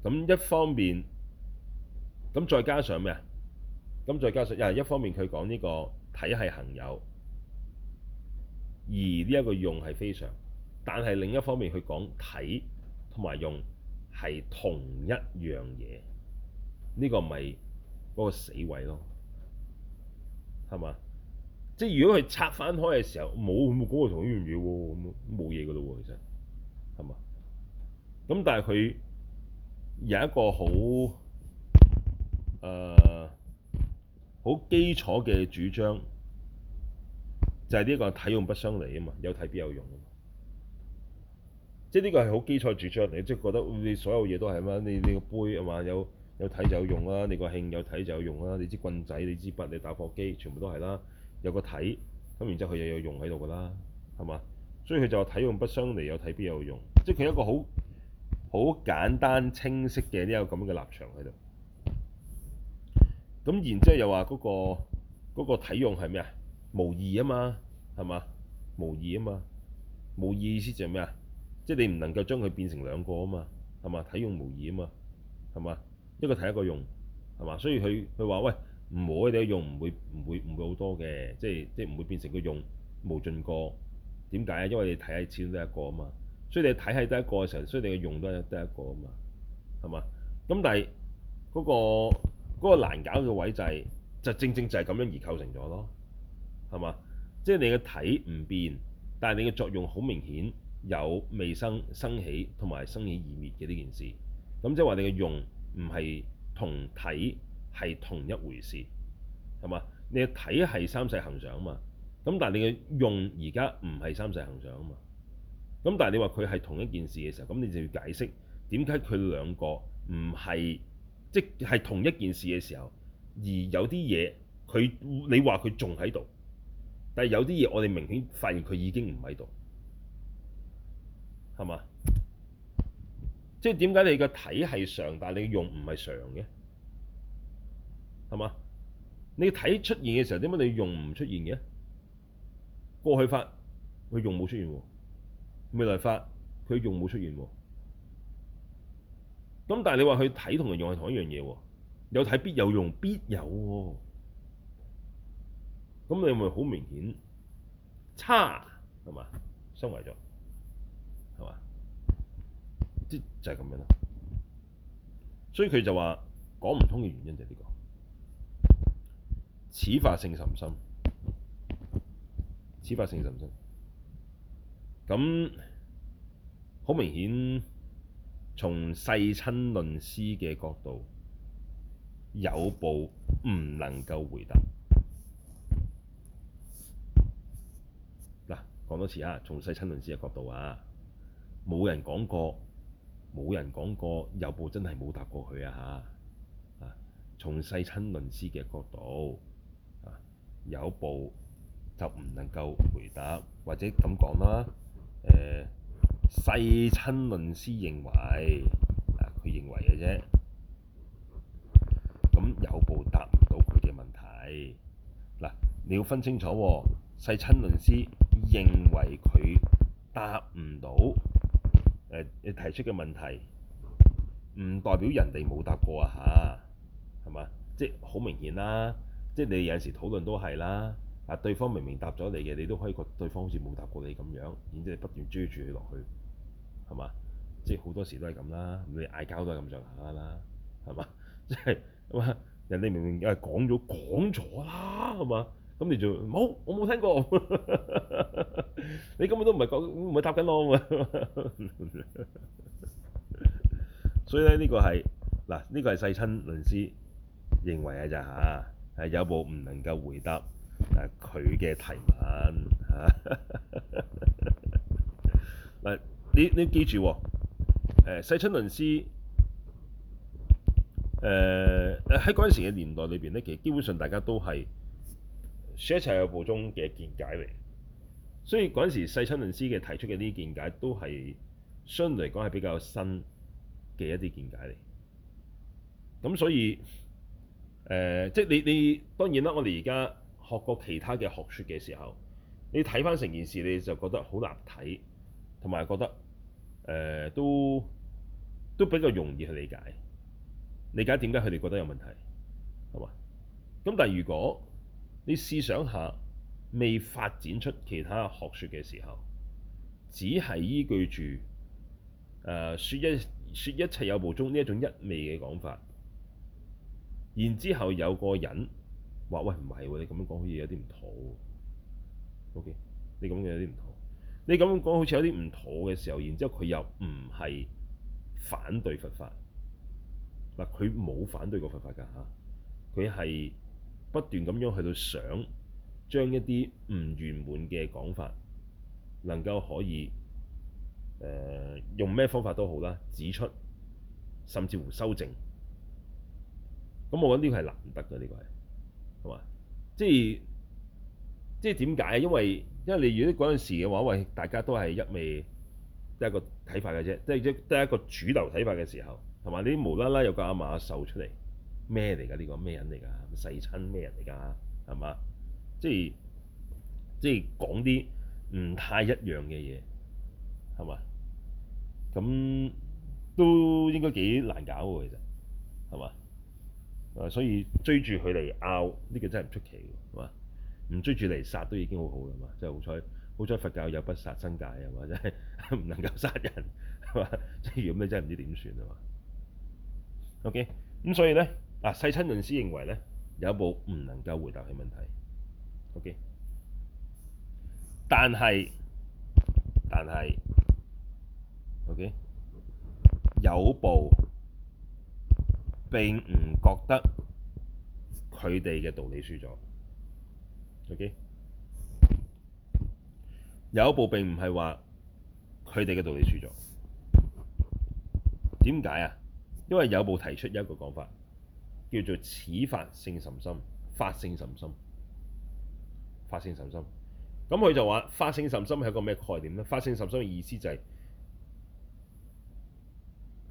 咁一方面咁再加上咩啊？咁再加上又係一方面，佢講呢個體係恆有，而呢一個用係非常，但係另一方面佢講體同埋用係同一樣嘢。呢個咪嗰個死位咯，係嘛？即係如果佢拆翻開嘅時候，冇咁嗰個同呢樣嘢喎，咁冇嘢噶咯喎，其實係嘛？咁但係佢有一個好誒好基礎嘅主張，就係、是、呢個體用不相離啊嘛，有體必有用啊嘛。即係呢、這個係好基礎主張嚟，即係覺得你所有嘢都係啊嘛，你你個杯係嘛有，有體就有用啦。你個興有體就有用啦。你支棍仔，你支筆，筆，你打火機，全部都係啦。有個體，咁然之後佢又有用喺度噶啦，係嘛？所以佢就話體用不相離，有體必有用。即係佢一個好，好簡單清晰嘅呢個咁嘅立場喺度。咁然之後又話嗰、那個嗰、那個、體用係咩啊？無異啊嘛，係嘛？無異啊嘛。無異思就係咩啊？即係你唔能夠將佢變成兩個啊嘛，係嘛？體用無異啊嘛，係嘛？一個體一個用，係嘛？所以佢佢話喂，唔會你用唔會唔會唔會好多嘅，即係即係唔會變成個用無盡過。點解啊？因為你體喺始終都一個啊嘛，所以你體係得一個嘅時候，所以你嘅用都係得一個啊嘛，係嘛？咁但係嗰個嗰個難搞嘅位就係就正正就係咁樣而構成咗咯，係嘛？即係你嘅體唔變，但係你嘅作用好明顯有未生生起同埋生起而滅嘅呢件事，咁即係話你嘅用。唔係同體係同一回事，係嘛？你嘅體係三世行相啊嘛，咁但係你嘅用而家唔係三世行相啊嘛，咁但係你話佢係同一件事嘅時候，咁你就要解釋點解佢兩個唔係即係同一件事嘅時候，而有啲嘢佢你話佢仲喺度，但係有啲嘢我哋明顯發現佢已經唔喺度，係嘛？即係點解你個體係常，但係你用唔係常嘅，係嘛？你體出現嘅時候，點解你用唔出現嘅？過去法佢用冇出現喎，未來法佢用冇出現喎。咁但係你話佢體同用係同一樣嘢喎，有體必有用，必有喎。咁你咪好明顯差係嘛？相違咗。就係咁樣啦，所以佢就話講唔通嘅原因就係呢、這個此法性甚深，此法性甚深。咁好明顯，從世親論師嘅角度，有部唔能夠回答。嗱，講多次啊，從世親論師嘅角度啊，冇人講過。冇人講過，有部真係冇答過佢啊！嚇、啊，從世親論師嘅角度，啊、有部就唔能夠回答，或者咁講啦。誒、啊，世親論師認為，啊，佢認為嘅啫。咁有部答唔到佢嘅問題，嗱、啊，你要分清楚喎、啊。世親論師認為佢答唔到。誒，你提出嘅問題，唔代表人哋冇答過啊吓，係嘛？即係好明顯啦，即係你有陣時討論都係啦，啊對方明明答咗你嘅，你都可以覺得對方好似冇答過你咁樣，然之後不斷追住佢落去，係嘛？即係好多時都係咁啦，你嗌交都係咁上下啦，係嘛？即係咁啊，人哋明明又係講咗講咗啦，係嘛？咁你就，冇？我冇聽過。 *laughs* 你根本都唔係講唔係答緊我嘛？ *laughs* 所以咧，呢個係嗱，呢個係世親論師認為啊，咋嚇係有部唔能夠回答啊佢嘅提問嚇。嗱， *laughs* 你你記住喎，誒世親論師喺嗰陣時嘅年代裏邊咧，其實基本上大家都係。一切有部中嘅見解嚟，所以嗰陣時世親論師嘅提出嘅呢啲見解都係相對嚟講係比較新嘅一啲見解嚟。咁所以誒、呃，即係你你當然啦，我哋而家學過其他嘅學説嘅時候，你睇翻成件事，你就覺得好難睇，同埋覺得誒、呃、都都比較容易去理解，理解點解佢哋覺得有問題，係嘛？咁但係如果你試想下，未發展出其他學説嘅時候，只係依據住誒「説一説一切有無中」呢一種一味嘅講法，然之後有個人話：喂，唔係喎，你咁樣講好似有啲唔妥。O.K. 你咁樣有啲唔妥，你咁樣講好似有啲唔妥嘅時候，然之後佢又唔係反對佛法，嗱，佢冇反對過佛法㗎嚇，佢係。不斷咁樣去到想將一啲唔圓滿嘅講法能夠可以誒、呃、用咩方法都好啦，指出甚至乎修正，咁我覺得呢個係難得嘅，呢個係，係嘛？即係即係點解？因為因為你如果嗰陣時嘅話，喂，大家都係一味得一個睇法嘅啫，即係得一個主流睇法嘅時候，同埋你啲無啦啦有個阿馬秀出嚟。咩嚟噶呢個？咩人嚟噶？世親咩人嚟噶？係嘛？即係即係講啲唔太一樣嘅嘢，係嘛？咁都應該幾難搞嘅其實，係嘛？啊，所以追住佢嚟拗呢個真係唔出奇，係嘛？唔追住嚟殺都已經好好啦嘛，即係好彩，好彩佛教有不殺生戒係嘛，真係唔能夠殺人係嘛？即係咁你真係唔知點算啊嘛？OK，咁所以咧。啊！世親論師認為咧，有部唔能夠回答佢問題。O.K.，但係，但係，O.K.，有部並唔覺得佢哋嘅道理輸咗。O.K.，有部並唔係話佢哋嘅道理輸咗。點解啊？因為有部提出一個講法。叫做始法性甚深，法性甚深，法性甚深。咁佢就話：法性甚深係一個咩概念咧？法性甚深嘅意思就係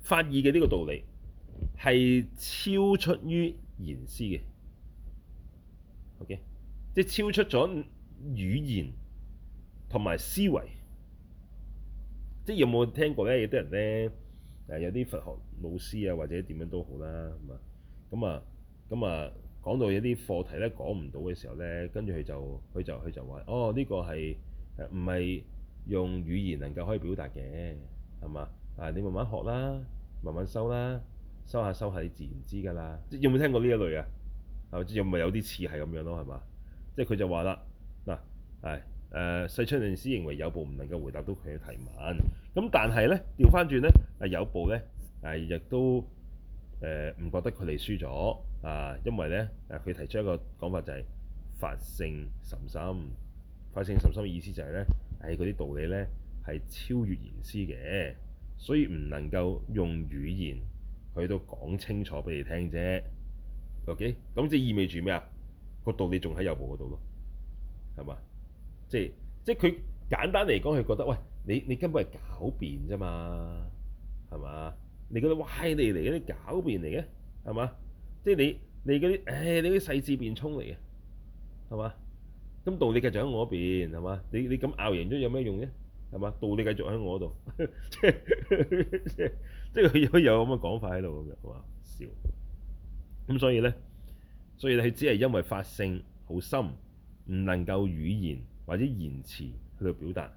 法義嘅呢個道理係超出於言思嘅。OK，即係超出咗語言同埋思維。即係有冇聽過咧？有啲人咧，誒有啲佛學老師啊，或者點樣都好啦，係嘛？咁啊，咁啊、嗯嗯，講到有啲課題咧講唔到嘅時候咧，跟住佢就佢就佢就話：哦，呢、這個係誒唔係用語言能夠可以表達嘅，係嘛？啊，你慢慢學啦，慢慢修啦，修下修下，你自然知㗎啦。有冇聽過呢一類啊？係咪？有咪有啲似係咁樣咯？係嘛？即係佢就話啦，嗱係誒，世親論師認為有部唔能夠回答到佢嘅提問，咁但係咧調翻轉咧，啊有部咧誒亦都。誒唔、呃、覺得佢哋輸咗啊？因為咧，誒、啊、佢提出一個講法就係、是、「法性甚深」。法性甚深嘅意思就係咧，誒啲道理咧係超越言思嘅，所以唔能夠用語言去到講清楚俾你聽啫。OK，咁即意味住咩啊？個道理仲喺有部嗰度咯，係嘛？即係即係佢簡單嚟講，佢覺得喂，你你根本係狡辯啫嘛，係嘛？你嗰啲歪理嚟，嗰啲狡辯嚟嘅，係嘛？即係你你嗰啲，唉，你啲、哎、細緻辯聰嚟嘅，係嘛？咁道理繼續喺我嗰邊，係嘛？你你咁拗贏咗有咩用啫？係嘛？道理繼續喺我度， *laughs* 即係佢有咁嘅講法喺度嘅，係嘛？笑。咁所以咧，所以佢只係因為法性好深，唔能夠語言或者言詞去到表達。誒、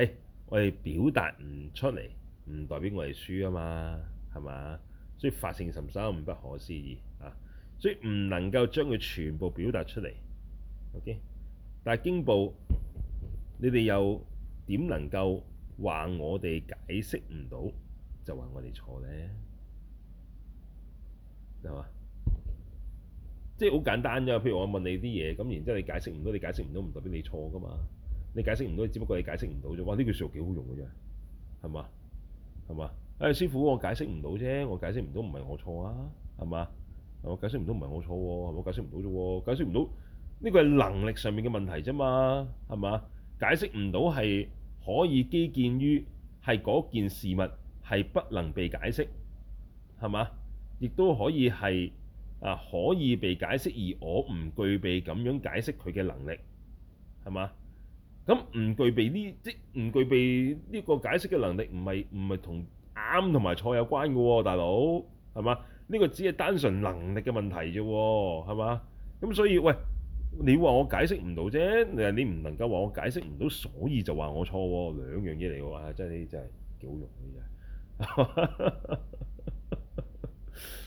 欸，我哋表達唔出嚟，唔代表我哋輸啊嘛～係嘛？所以法性甚深不可思議啊！所以唔能夠將佢全部表達出嚟。Okay，但係經部你哋又點能夠話我哋解釋唔到就話我哋錯咧？係嘛？即係好簡單啫。譬如我問你啲嘢，咁然之後你解釋唔到，你解釋唔到唔代表你錯噶嘛。你解釋唔到，只不過你解釋唔到啫。哇！呢句説話幾好用嘅啫，係嘛？係嘛？誒、哎、師傅，我解釋唔到啫。我解釋唔到唔係我錯啊，係嘛？我解釋唔到唔係我錯喎、啊，係我解釋唔到啫。解釋唔到呢個係能力上面嘅問題啫嘛，係嘛？解釋唔到係可以基建於係嗰件事物係不能被解釋，係嘛？亦都可以係啊，可以被解釋，而我唔具備咁樣解釋佢嘅能力，係嘛？咁唔具備呢即唔具備呢個解釋嘅能力，唔係唔係同啱同埋錯有關嘅喎，大佬係嘛？呢個只係單純能力嘅問題啫，係嘛？咁所以喂，你話我解釋唔到啫，你你唔能夠話我解釋唔到，所以就話我錯喎，兩樣嘢嚟喎，啊！真係呢真係幾好用嘅， *laughs*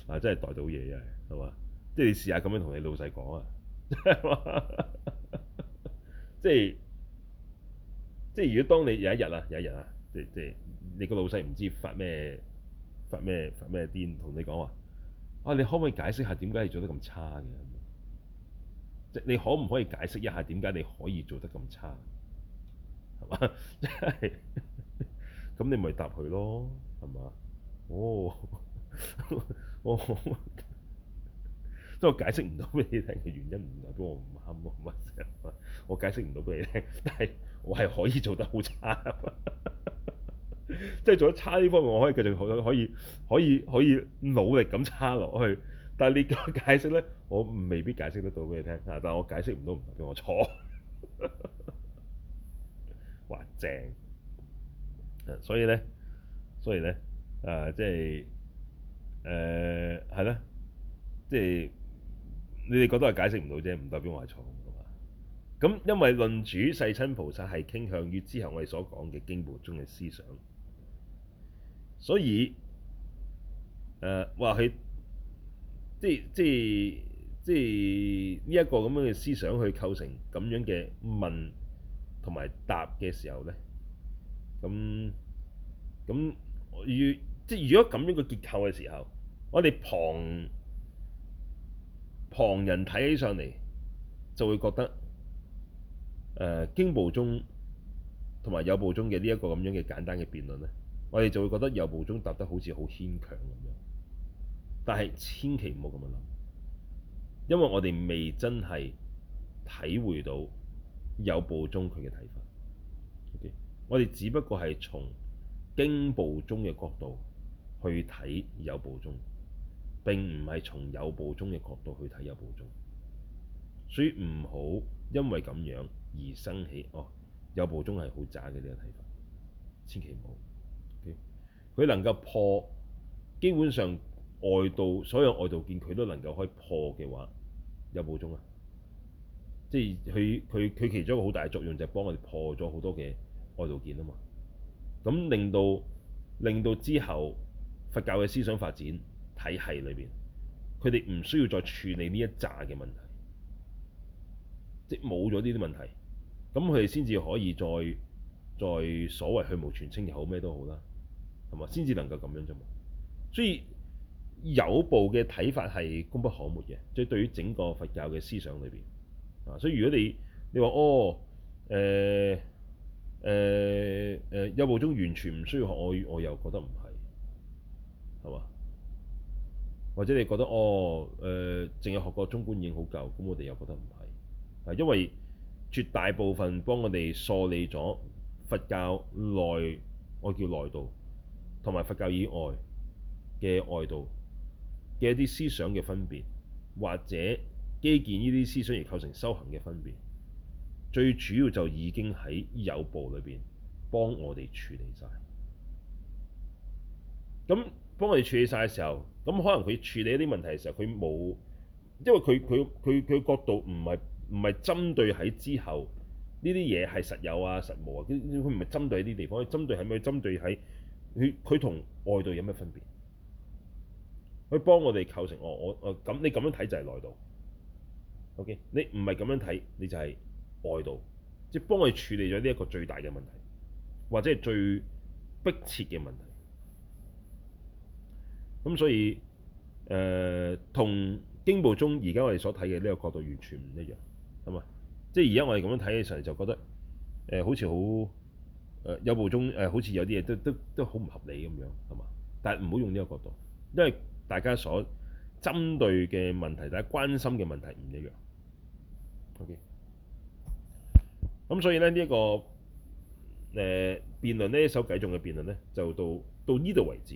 真啊！真係代到嘢嘅，係嘛？即係你試下咁樣同你老細講啊，即係即係如果當你有一日啊，有一日啊，即即。你個老細唔知發咩發咩發咩癲，同你講話啊，你可唔可以解釋下點解你做得咁差嘅？即係你可唔可以解釋一下點解下你可以做得咁差？係嘛？即係咁你咪答佢咯，係嘛？哦哦，即係我解釋唔到俾你聽嘅原因，唔係因為我唔啱，我解釋唔到俾你聽，但係我係可以做得好差。 *laughs* 即係做咗差呢方面，我可以繼續可可以可以可以努力咁差落去。但係你個解釋咧，我未必解釋得到俾你聽啊！但係我解釋唔到唔代表我錯，話 *laughs* 正所以咧，所以咧啊，即係誒係啦，即係你哋覺得係解釋唔到啫，唔代表我係錯啊嘛。咁因為論主世親菩薩係傾向於之後我哋所講嘅經部宗嘅思想。所以，誒、呃、話佢即係即係即係呢一個咁樣嘅思想去構成咁樣嘅問同埋答嘅時候咧，咁咁要即係如果咁樣嘅結構嘅時候，我哋旁旁人睇起上嚟就會覺得誒、呃、經部宗同埋有部宗嘅呢一個咁樣嘅簡單嘅辯論咧。我哋就會覺得有部宗答得好似好牽強咁樣，但係千祈唔好咁樣諗，因為我哋未真係體會到有部宗佢嘅睇法。O.K. 我哋只不過係從經部宗嘅角度去睇有部宗，並唔係從有部宗嘅角度去睇有部宗，所以唔好因為咁樣而生氣哦。有部宗係好渣嘅呢個睇法，千祈唔好。佢能夠破基本上外道所有外道見，佢都能夠可以破嘅話，有冇中啊？即係佢佢佢其中一個好大嘅作用就係幫我哋破咗好多嘅外道見啊嘛。咁令到令到之後佛教嘅思想發展體系裏邊，佢哋唔需要再處理呢一紮嘅問題，即冇咗呢啲問題，咁佢哋先至可以再再所謂去蕪存菁又好咩都好啦。係嘛？先至能夠咁樣啫嘛。所以有部嘅睇法係功不可沒嘅。即係對於整個佛教嘅思想裏邊，啊，所以如果你你話哦，誒誒誒，有部中完全唔需要學，我我又覺得唔係係嘛？或者你覺得哦，誒、呃，淨係學個中觀已經好夠，咁我哋又覺得唔係啊，因為絕大部分幫我哋梳理咗佛教內，我叫內道。同埋佛教以外嘅外道嘅一啲思想嘅分別，或者基建呢啲思想，而構成修行嘅分別，最主要就已經喺有部裏邊幫我哋處理晒。咁幫我哋處理晒嘅時候，咁可能佢處理一啲問題嘅時候，佢冇因為佢佢佢佢角度唔係唔係針對喺之後呢啲嘢係實有啊、實冇啊，佢唔係針對呢啲地方，佢針對係咪？佢針對喺。佢佢同外道有咩分別？佢幫我哋構成、哦、我我咁，你咁樣睇就係內道。OK? 你唔係咁樣睇，你就係外道，即係幫佢處理咗呢一個最大嘅問題，或者係最迫切嘅問題。咁所以誒，同經部宗而家我哋所睇嘅呢個角度完全唔一樣。咁啊，即係而家我哋咁樣睇嘅時候就覺得誒、呃，好似好～誒有部中誒、呃，好似有啲嘢都都都好唔合理咁樣，係嘛？但係唔好用呢個角度，因為大家所針對嘅問題，大家關心嘅問題唔一樣。O.K. 咁、嗯、所以咧，呢、這、一個誒、呃、辯論咧，首偈中嘅辯論咧，就到到呢度為止。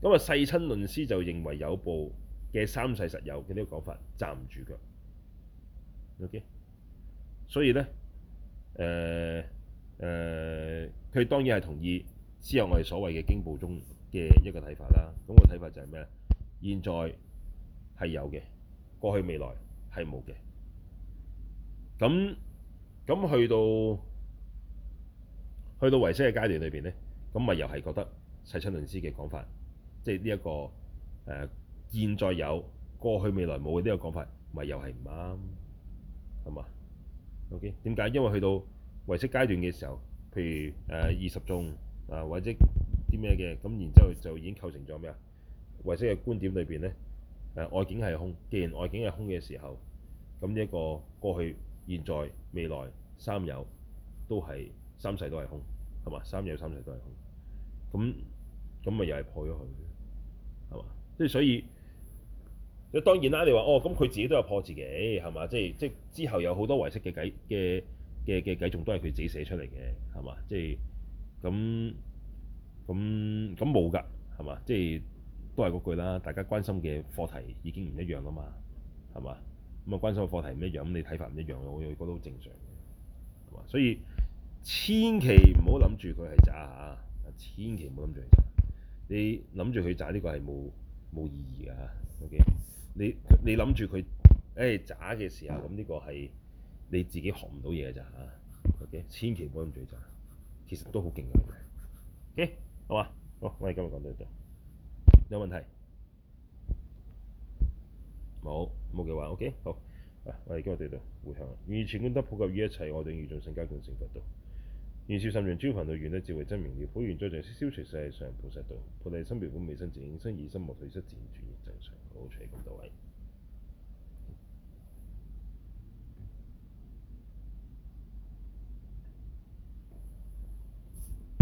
咁、嗯、啊，世親論師就認為有部嘅三世實有嘅呢、這個講法站唔住腳。O.K. 所以咧，誒、呃。誒，佢、呃、當然係同意，之後我哋所謂嘅經部宗嘅一個睇法啦。咁、那個睇法就係咩？現在係有嘅，過去未來係冇嘅。咁咁去到去到唯識嘅階段裏邊呢，咁咪又係覺得世親論師嘅講法，即係呢一個誒、呃，現在有，過去未來冇嘅呢個講法，咪又係唔啱，係嘛？OK，點解？因為去到唯識階段嘅時候，譬如誒二十宗啊、呃、或者啲咩嘅，咁然之後就已經構成咗咩啊？唯識嘅觀點裏邊咧，誒、呃、外境係空，既然外境係空嘅時候，咁、嗯、一、這個過去、現在、未來三有都係三世都係空，係嘛？三有三世都係空，咁咁咪又係破咗佢，係嘛？即係所以，咁當然啦，你話哦，咁佢自己都有破自己，係嘛？即係即係之後有好多唯識嘅計嘅。嘅嘅計仲都係佢自己寫出嚟嘅，係嘛？即係咁咁咁冇㗎，係嘛？即係都係嗰句啦。大家關心嘅課題已經唔一樣啦嘛，係嘛？咁啊，關心嘅課題唔一樣，咁你睇法唔一樣，我又覺得好正常嘅。係嘛？所以千祈唔好諗住佢係渣吓！千祈唔好諗住佢渣。你諗住佢渣，呢個係冇冇意義㗎嚇，OK？你你諗住佢誒渣嘅時候，咁呢個係。你自己學唔到嘢嘅咋嚇？OK，千祈唔好咁詛咒。其實都好勁嘅。OK，好啊。好，我哋今日講到呢度。有問題？冇，冇嘅話。OK，好。啊，我哋今日對到《回向》，願全功德普及於一切，我哋與眾生皆共成佛道。願消十願諸佛願願得智慧真明了，普願眾生消除世，世上菩薩道，菩提心妙本未生前，生二心莫使失漸轉正常。好，出嚟咁多位。